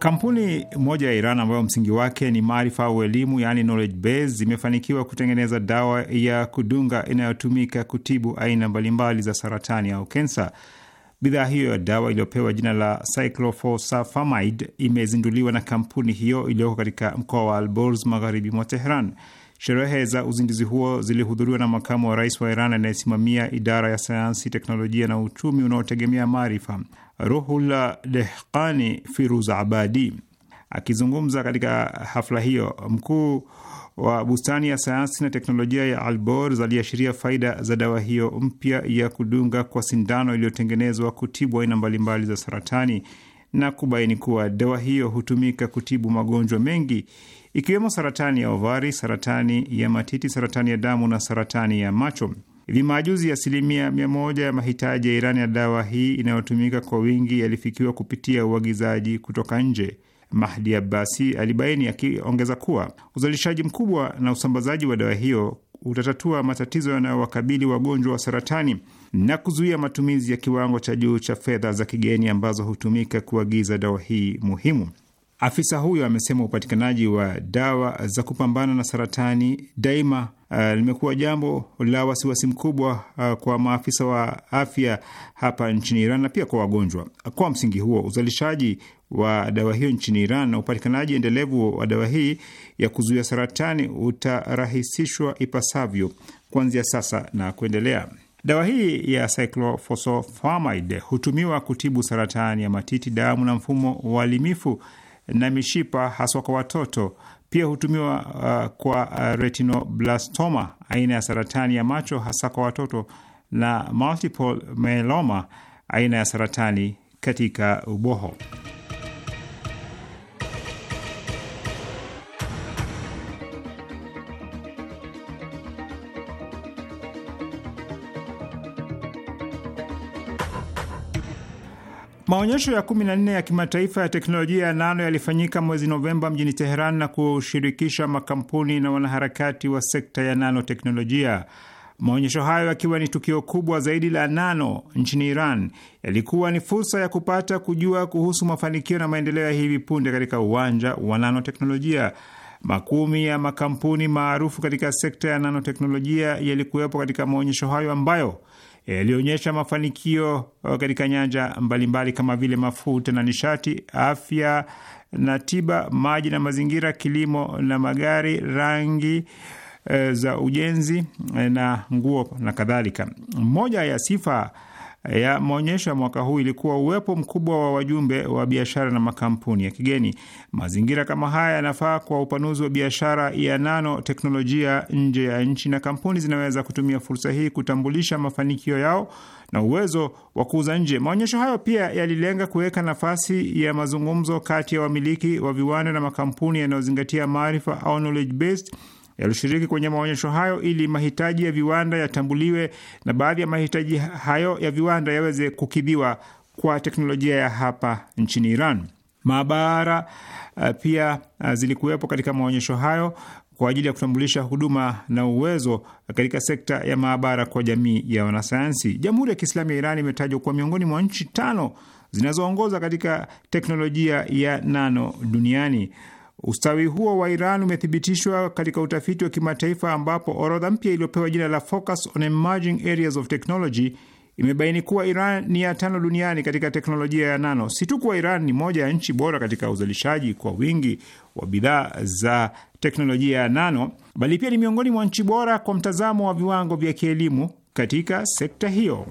Kampuni moja ya Iran ambayo msingi wake ni maarifa au elimu, yani knowledge base, kutengeneza dawa ya kudunga inayotumika kutibu aina mbalimbali za saratani au kensa. Bidhaa hiyo ya dawa iliyopewa jina la cyclophosphamide imezinduliwa na kampuni hiyo iliyoko katika mkoa wa albors magharibi mwa Teheran. Sherehe za uzinduzi huo zilihudhuriwa na makamu wa rais wa Iran anayesimamia idara ya sayansi, teknolojia na uchumi unaotegemea maarifa, Ruhullah Dehkani Firuz Abadi. Akizungumza katika hafla hiyo, mkuu wa bustani ya sayansi na teknolojia ya Alborz aliashiria faida za dawa hiyo mpya ya kudunga kwa sindano iliyotengenezwa kutibu aina mbalimbali za saratani na kubaini kuwa dawa hiyo hutumika kutibu magonjwa mengi ikiwemo saratani ya ovari, saratani ya matiti, saratani ya damu na saratani ya macho. Hivi majuzi asilimia mia moja ya mahitaji ya Irani ya dawa hii inayotumika kwa wingi yalifikiwa kupitia uagizaji kutoka nje. Mahdi Abbasi alibaini akiongeza kuwa uzalishaji mkubwa na usambazaji wa dawa hiyo utatatua matatizo yanayowakabili wagonjwa wa saratani na kuzuia matumizi ya kiwango cha juu cha fedha za kigeni ambazo hutumika kuagiza dawa hii muhimu. Afisa huyo amesema upatikanaji wa dawa za kupambana na saratani daima uh, limekuwa jambo la wasiwasi mkubwa uh, kwa maafisa wa afya hapa nchini Iran na pia kwa wagonjwa. Kwa msingi huo, uzalishaji wa dawa hiyo nchini Iran na upatikanaji endelevu wa dawa hii ya kuzuia saratani utarahisishwa ipasavyo kuanzia sasa na kuendelea. Dawa hii ya cyclophosphamide hutumiwa kutibu saratani ya matiti, damu na mfumo wa na mishipa haswa kwa watoto. Pia hutumiwa uh, kwa uh, retinoblastoma, aina ya saratani ya macho hasa kwa watoto, na multiple myeloma, aina ya saratani katika uboho. Maonyesho ya 14 ya kimataifa ya teknolojia ya nano yalifanyika mwezi Novemba mjini Teheran na kushirikisha makampuni na wanaharakati wa sekta ya nanoteknolojia. Maonyesho hayo yakiwa ni tukio kubwa zaidi la nano nchini Iran, yalikuwa ni fursa ya kupata kujua kuhusu mafanikio na maendeleo ya hivi punde katika uwanja wa nanoteknolojia. Makumi ya makampuni maarufu katika sekta ya nanoteknolojia yalikuwepo katika maonyesho hayo ambayo yaliyoonyesha mafanikio uh, katika nyanja mbalimbali mbali kama vile mafuta na nishati, afya na tiba, maji na mazingira, kilimo na magari, rangi e, za ujenzi e, na nguo na kadhalika. Moja ya sifa ya maonyesho ya mwaka huu ilikuwa uwepo mkubwa wa wajumbe wa biashara na makampuni ya kigeni. Mazingira kama haya yanafaa kwa upanuzi wa biashara ya nano teknolojia nje ya nchi, na kampuni zinaweza kutumia fursa hii kutambulisha mafanikio yao na uwezo wa kuuza nje. Maonyesho hayo pia yalilenga kuweka nafasi ya mazungumzo kati ya wamiliki wa viwanda na makampuni yanayozingatia maarifa au knowledge based yalishiriki kwenye maonyesho hayo ili mahitaji ya viwanda yatambuliwe na baadhi ya mahitaji hayo ya viwanda yaweze kukidhiwa kwa teknolojia ya hapa nchini Iran. Maabara eh, pia eh, zilikuwepo katika maonyesho hayo kwa ajili ya kutambulisha huduma na uwezo katika sekta ya maabara kwa jamii ya wanasayansi. Jamhuri ya Kiislamu ya Iran imetajwa kuwa miongoni mwa nchi tano zinazoongoza katika teknolojia ya nano duniani. Ustawi huo wa Iran umethibitishwa katika utafiti wa kimataifa ambapo orodha mpya iliyopewa jina la Focus on Emerging Areas of Technology imebaini kuwa Iran ni ya tano duniani katika teknolojia ya nano. Si tu kuwa Iran ni moja ya nchi bora katika uzalishaji kwa wingi wa bidhaa za teknolojia ya nano, bali pia ni miongoni mwa nchi bora kwa mtazamo wa viwango vya kielimu katika sekta hiyo.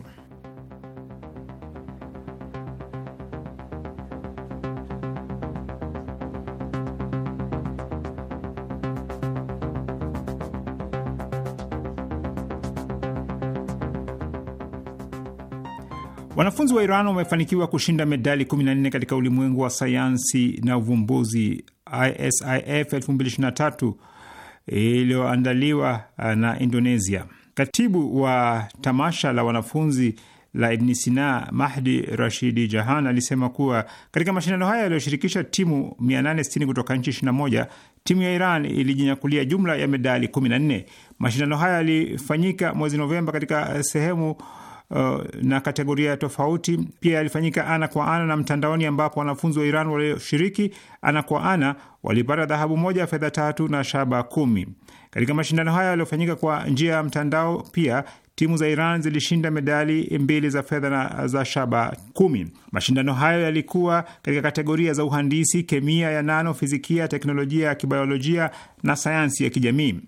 Wanafunzi wa Iran wamefanikiwa kushinda medali 14 katika ulimwengu wa sayansi na uvumbuzi ISIF 2023 iliyoandaliwa uh, na Indonesia. Katibu wa tamasha la wanafunzi la Ibn Sina Mahdi Rashidi Jahan alisema kuwa katika mashindano haya yaliyoshirikisha timu 860 kutoka nchi 21, timu ya Iran ilijinyakulia jumla ya medali 14. Mashindano haya yalifanyika mwezi Novemba katika uh, sehemu uh, na kategoria tofauti. Pia yalifanyika ana kwa ana na mtandaoni, ambapo wanafunzi wa Iran walioshiriki ana kwa ana walipata dhahabu moja, fedha tatu na shaba kumi. Katika mashindano hayo yaliyofanyika kwa njia ya mtandao, pia timu za Iran zilishinda medali mbili za fedha na za shaba kumi. Mashindano hayo yalikuwa katika kategoria za uhandisi, kemia ya nano, fizikia, teknolojia ya kibiolojia na sayansi ya kijamii.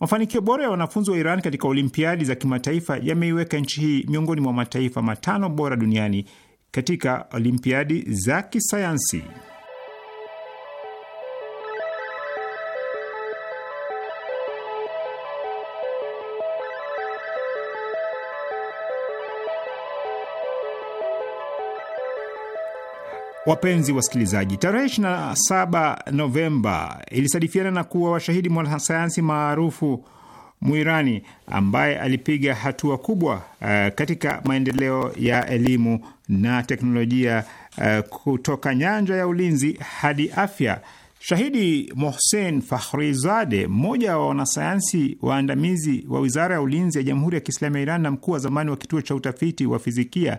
Mafanikio bora ya wanafunzi wa Iran katika olimpiadi za kimataifa yameiweka nchi hii miongoni mwa mataifa matano bora duniani katika olimpiadi za kisayansi. Wapenzi wasikilizaji, tarehe 27 Novemba ilisadifiana na kuwa washahidi mwanasayansi maarufu Mwirani ambaye alipiga hatua kubwa uh, katika maendeleo ya elimu na teknolojia uh, kutoka nyanja ya ulinzi hadi afya. Shahidi Mohsen Fakhrizade, mmoja wa wanasayansi waandamizi wa wizara ya ulinzi ya Jamhuri ya Kiislamu ya Iran na mkuu wa zamani wa kituo cha utafiti wa fizikia,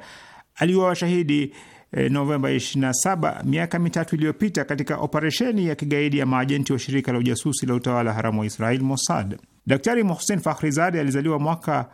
aliuawa shahidi Eh, Novemba 27 miaka mitatu iliyopita katika operesheni ya kigaidi ya maajenti wa shirika la ujasusi la utawala haramu wa Israel Mossad. Daktari Mohsen Fakhrizadeh alizaliwa mwaka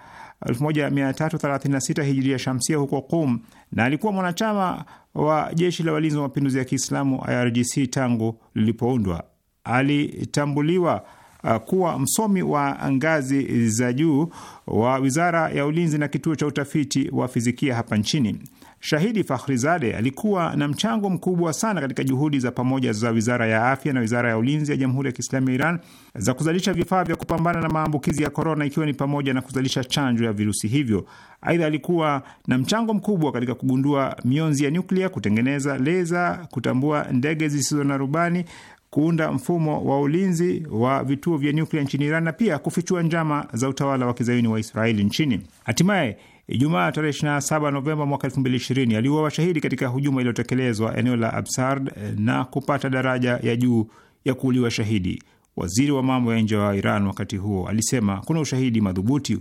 1336 hijiria shamsia huko Qum na alikuwa mwanachama wa jeshi la walinzi wa mapinduzi ya Kiislamu IRGC tangu lilipoundwa. Alitambuliwa uh, kuwa msomi wa ngazi za juu wa wizara ya ulinzi na kituo cha utafiti wa fizikia hapa nchini. Shahidi Fakhrizade alikuwa na mchango mkubwa sana katika juhudi za pamoja za wizara ya afya na wizara ya ulinzi ya Jamhuri ya Kiislamu ya Iran za kuzalisha vifaa vya kupambana na maambukizi ya korona, ikiwa ni pamoja na kuzalisha chanjo ya virusi hivyo. Aidha, alikuwa na mchango mkubwa katika kugundua mionzi ya nyuklia, kutengeneza leza, kutambua ndege zisizo na rubani, kuunda mfumo wa ulinzi wa vituo vya nyuklia nchini Iran na pia kufichua njama za utawala wa kizayuni wa Israeli nchini. Hatimaye Ijumaa tarehe 27 Novemba mwaka 2020 aliuawa shahidi katika hujuma iliyotekelezwa eneo la Absard eh, na kupata daraja ya juu ya kuuliwa shahidi. Waziri wa mambo ya nje wa Iran wakati huo alisema kuna ushahidi madhubuti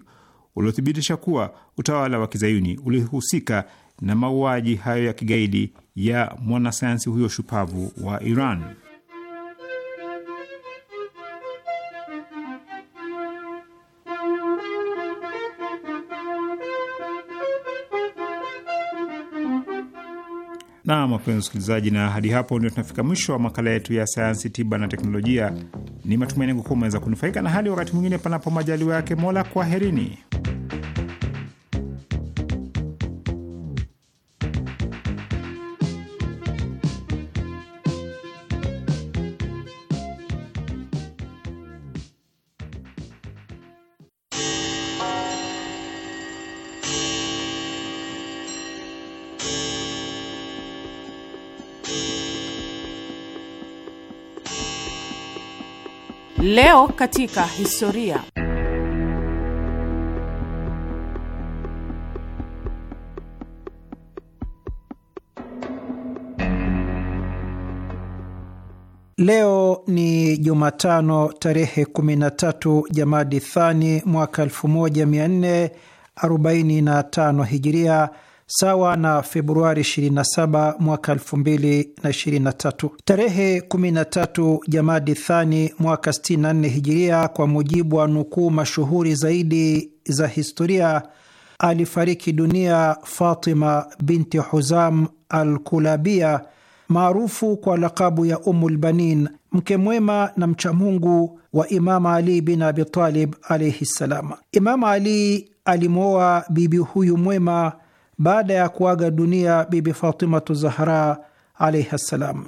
uliothibitisha kuwa utawala wa kizayuni ulihusika na mauaji hayo ya kigaidi ya mwanasayansi huyo shupavu wa Iran. na mapenzi msikilizaji, na hadi hapo ndio tunafika mwisho wa makala yetu ya sayansi, tiba na teknolojia. Ni matumaini yangu kuwa umeweza kunufaika na hadi wakati mwingine, panapo majaliwa yake Mola. Kwaherini. Leo katika historia. Leo ni Jumatano tarehe 13 Jamadi Thani mwaka 1445 Hijiria, sawa na Februari 27 mwaka 2023. Tarehe 13 Jamadi Thani mwaka 64 Hijiria, kwa mujibu wa nukuu mashuhuri zaidi za historia, alifariki dunia Fatima binti Huzam al kulabia maarufu kwa lakabu ya Ummulbanin, mke mwema na mchamungu wa imamu Ali bin abitalib alaihi ssalam. imamu Ali alimwoa bibi huyu mwema baada ya kuaga dunia Bibi Fatimatu Zahra alaihi ssalam.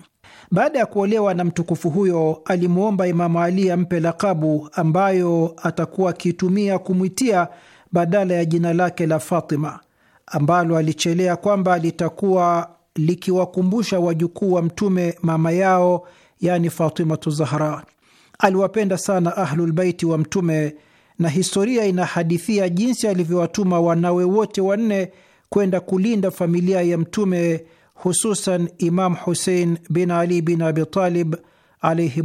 Baada ya kuolewa na mtukufu huyo, alimwomba Imamu Ali ampe lakabu ambayo atakuwa akiitumia kumwitia badala ya jina lake la Fatima ambalo alichelea kwamba litakuwa likiwakumbusha wajukuu wa Mtume mama yao, yani Fatimatu Zahra. Aliwapenda sana Ahlulbaiti wa Mtume na historia inahadithia jinsi alivyowatuma wanawe wote wanne kwenda kulinda familia ya Mtume, hususan Imam Husein bin Ali bin Abitalib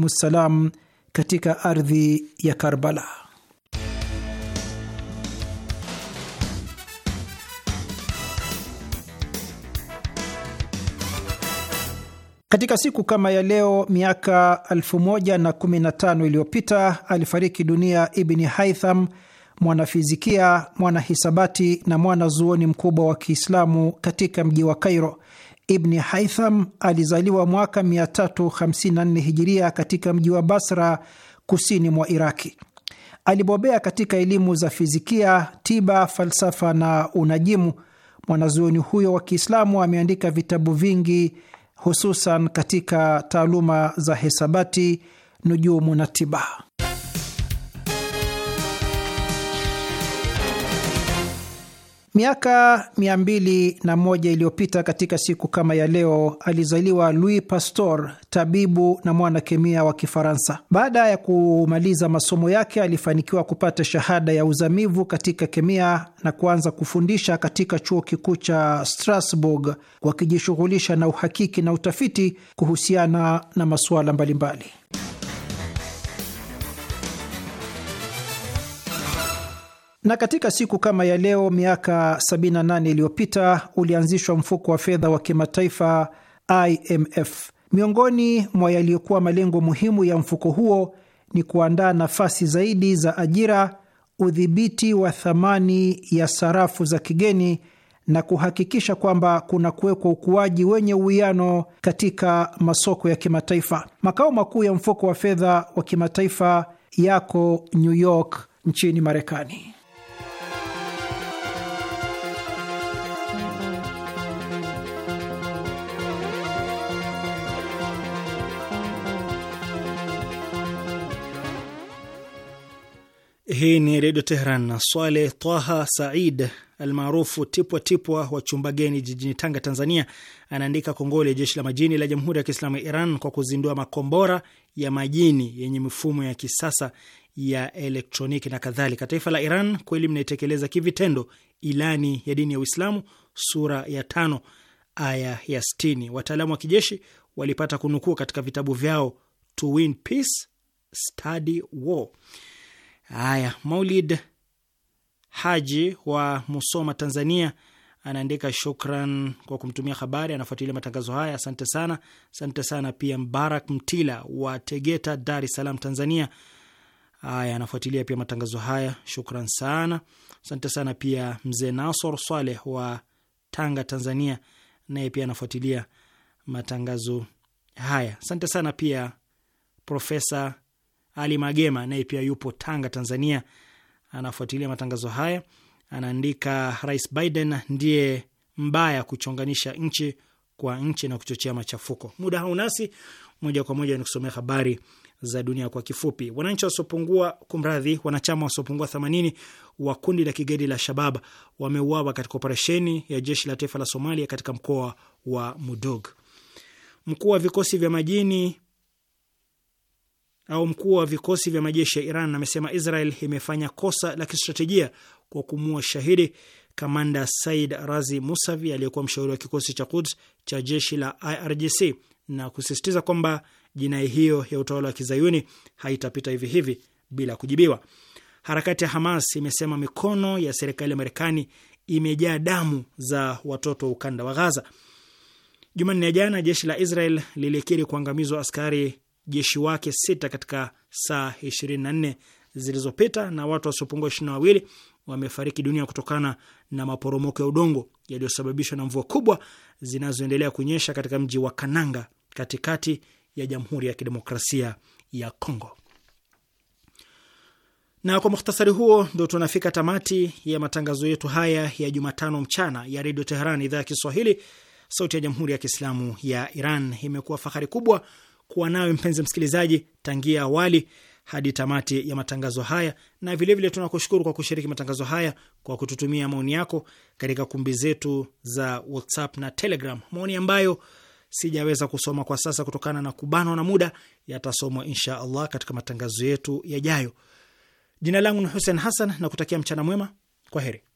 ssalam katika ardhi ya Karbala. Katika siku kama ya leo miaka 115 iliyopita alifariki dunia Ibni Haitham mwanafizikia, mwanahisabati na mwanazuoni mkubwa wa Kiislamu katika mji wa Kairo. Ibni Haitham alizaliwa mwaka 354 hijiria katika mji wa Basra, kusini mwa Iraki. Alibobea katika elimu za fizikia, tiba, falsafa na unajimu. Mwanazuoni huyo wa Kiislamu ameandika vitabu vingi, hususan katika taaluma za hesabati, nujumu na tiba. Miaka mia mbili na moja iliyopita katika siku kama ya leo alizaliwa Louis Pasteur, tabibu na mwanakemia wa Kifaransa. Baada ya kumaliza masomo yake, alifanikiwa kupata shahada ya uzamivu katika kemia na kuanza kufundisha katika chuo kikuu cha Strasbourg, wakijishughulisha na uhakiki na utafiti kuhusiana na masuala mbalimbali. Na katika siku kama ya leo miaka 78 iliyopita ulianzishwa mfuko wa fedha wa kimataifa IMF. Miongoni mwa yaliyokuwa malengo muhimu ya mfuko huo ni kuandaa nafasi zaidi za ajira, udhibiti wa thamani ya sarafu za kigeni na kuhakikisha kwamba kuna kuwekwa ukuaji wenye uwiano katika masoko ya kimataifa. Makao makuu ya mfuko wa fedha wa kimataifa yako New York nchini Marekani. Hii ni Redio Teheran. Swale Twaha Said almaarufu Tipwa Tipwa wa Chumbageni jijini Tanga, Tanzania, anaandika Kongole, jeshi la majini la Jamhuri ya Kiislamu ya Iran kwa kuzindua makombora ya majini yenye mifumo ya kisasa ya elektroniki na kadhalika. Taifa la Iran kweli mnaitekeleza kivitendo ilani ya dini ya Uislamu sura ya tano aya ya sitini. Wataalamu wa kijeshi walipata kunukuu katika vitabu vyao to win peace, study war. Haya, Maulid Haji wa Musoma, Tanzania, anaandika shukran kwa kumtumia habari, anafuatilia matangazo haya. Asante sana, asante sana pia. Mbarak Mtila wa Tegeta, Dar es Salaam, Tanzania, haya anafuatilia pia matangazo haya, shukran sana, asante sana pia. Mzee Nasor swaleh wa Tanga, Tanzania, naye pia anafuatilia matangazo haya, asante sana pia. Profesa ali Magema naye pia yupo Tanga, Tanzania, anafuatilia matangazo haya. Anaandika, Rais Biden ndiye mbaya kuchonganisha nchi kwa nchi na kuchochea machafuko. Muda hau nasi moja kwa moja ni kusomea habari za dunia kwa kifupi. Wananchi wasiopungua kumradhi, wanachama wasiopungua 80 wa kundi la kigaidi la Shabab wameuawa katika operesheni ya jeshi la taifa la Somalia katika mkoa wa Mudug. Mkuu wa vikosi vya majini au mkuu wa vikosi vya majeshi ya Iran amesema Israel imefanya kosa la kistratejia kwa kumua shahidi kamanda Said Razi Musavi aliyekuwa mshauri wa kikosi cha Quds cha jeshi la IRGC na kusisitiza kwamba jinai hiyo ya utawala wa kizayuni haitapita hivi hivi bila kujibiwa. Harakati ya Hamas imesema mikono ya serikali ya Marekani imejaa damu za watoto wa ukanda wa Gaza. Jumanne ya jana jeshi la Israel lilikiri kuangamizwa askari jeshi wake sita katika saa 24 zilizopita na watu wasiopungua ishirini na wawili wamefariki dunia kutokana na maporomoko ya udongo yaliyosababishwa na mvua kubwa zinazoendelea kunyesha katika mji wa Kananga katikati ya Jamhuri ya Kidemokrasia ya Kongo. Na kwa muhtasari huo ndo tunafika tamati ya matangazo yetu haya ya Jumatano mchana ya Redio Teheran, idhaa ya Kiswahili, sauti ya Jamhuri ya Kiislamu ya Iran. Imekuwa fahari kubwa kuwa nawe mpenzi msikilizaji, tangia awali hadi tamati ya matangazo haya, na vilevile tunakushukuru kwa kushiriki matangazo haya kwa kututumia maoni yako katika kumbi zetu za WhatsApp na Telegram, maoni ambayo sijaweza kusoma kwa sasa kutokana na kubanwa na muda, yatasomwa insha Allah katika matangazo yetu yajayo. Jina langu ni Hussein Hassan na kutakia mchana mwema, kwa heri.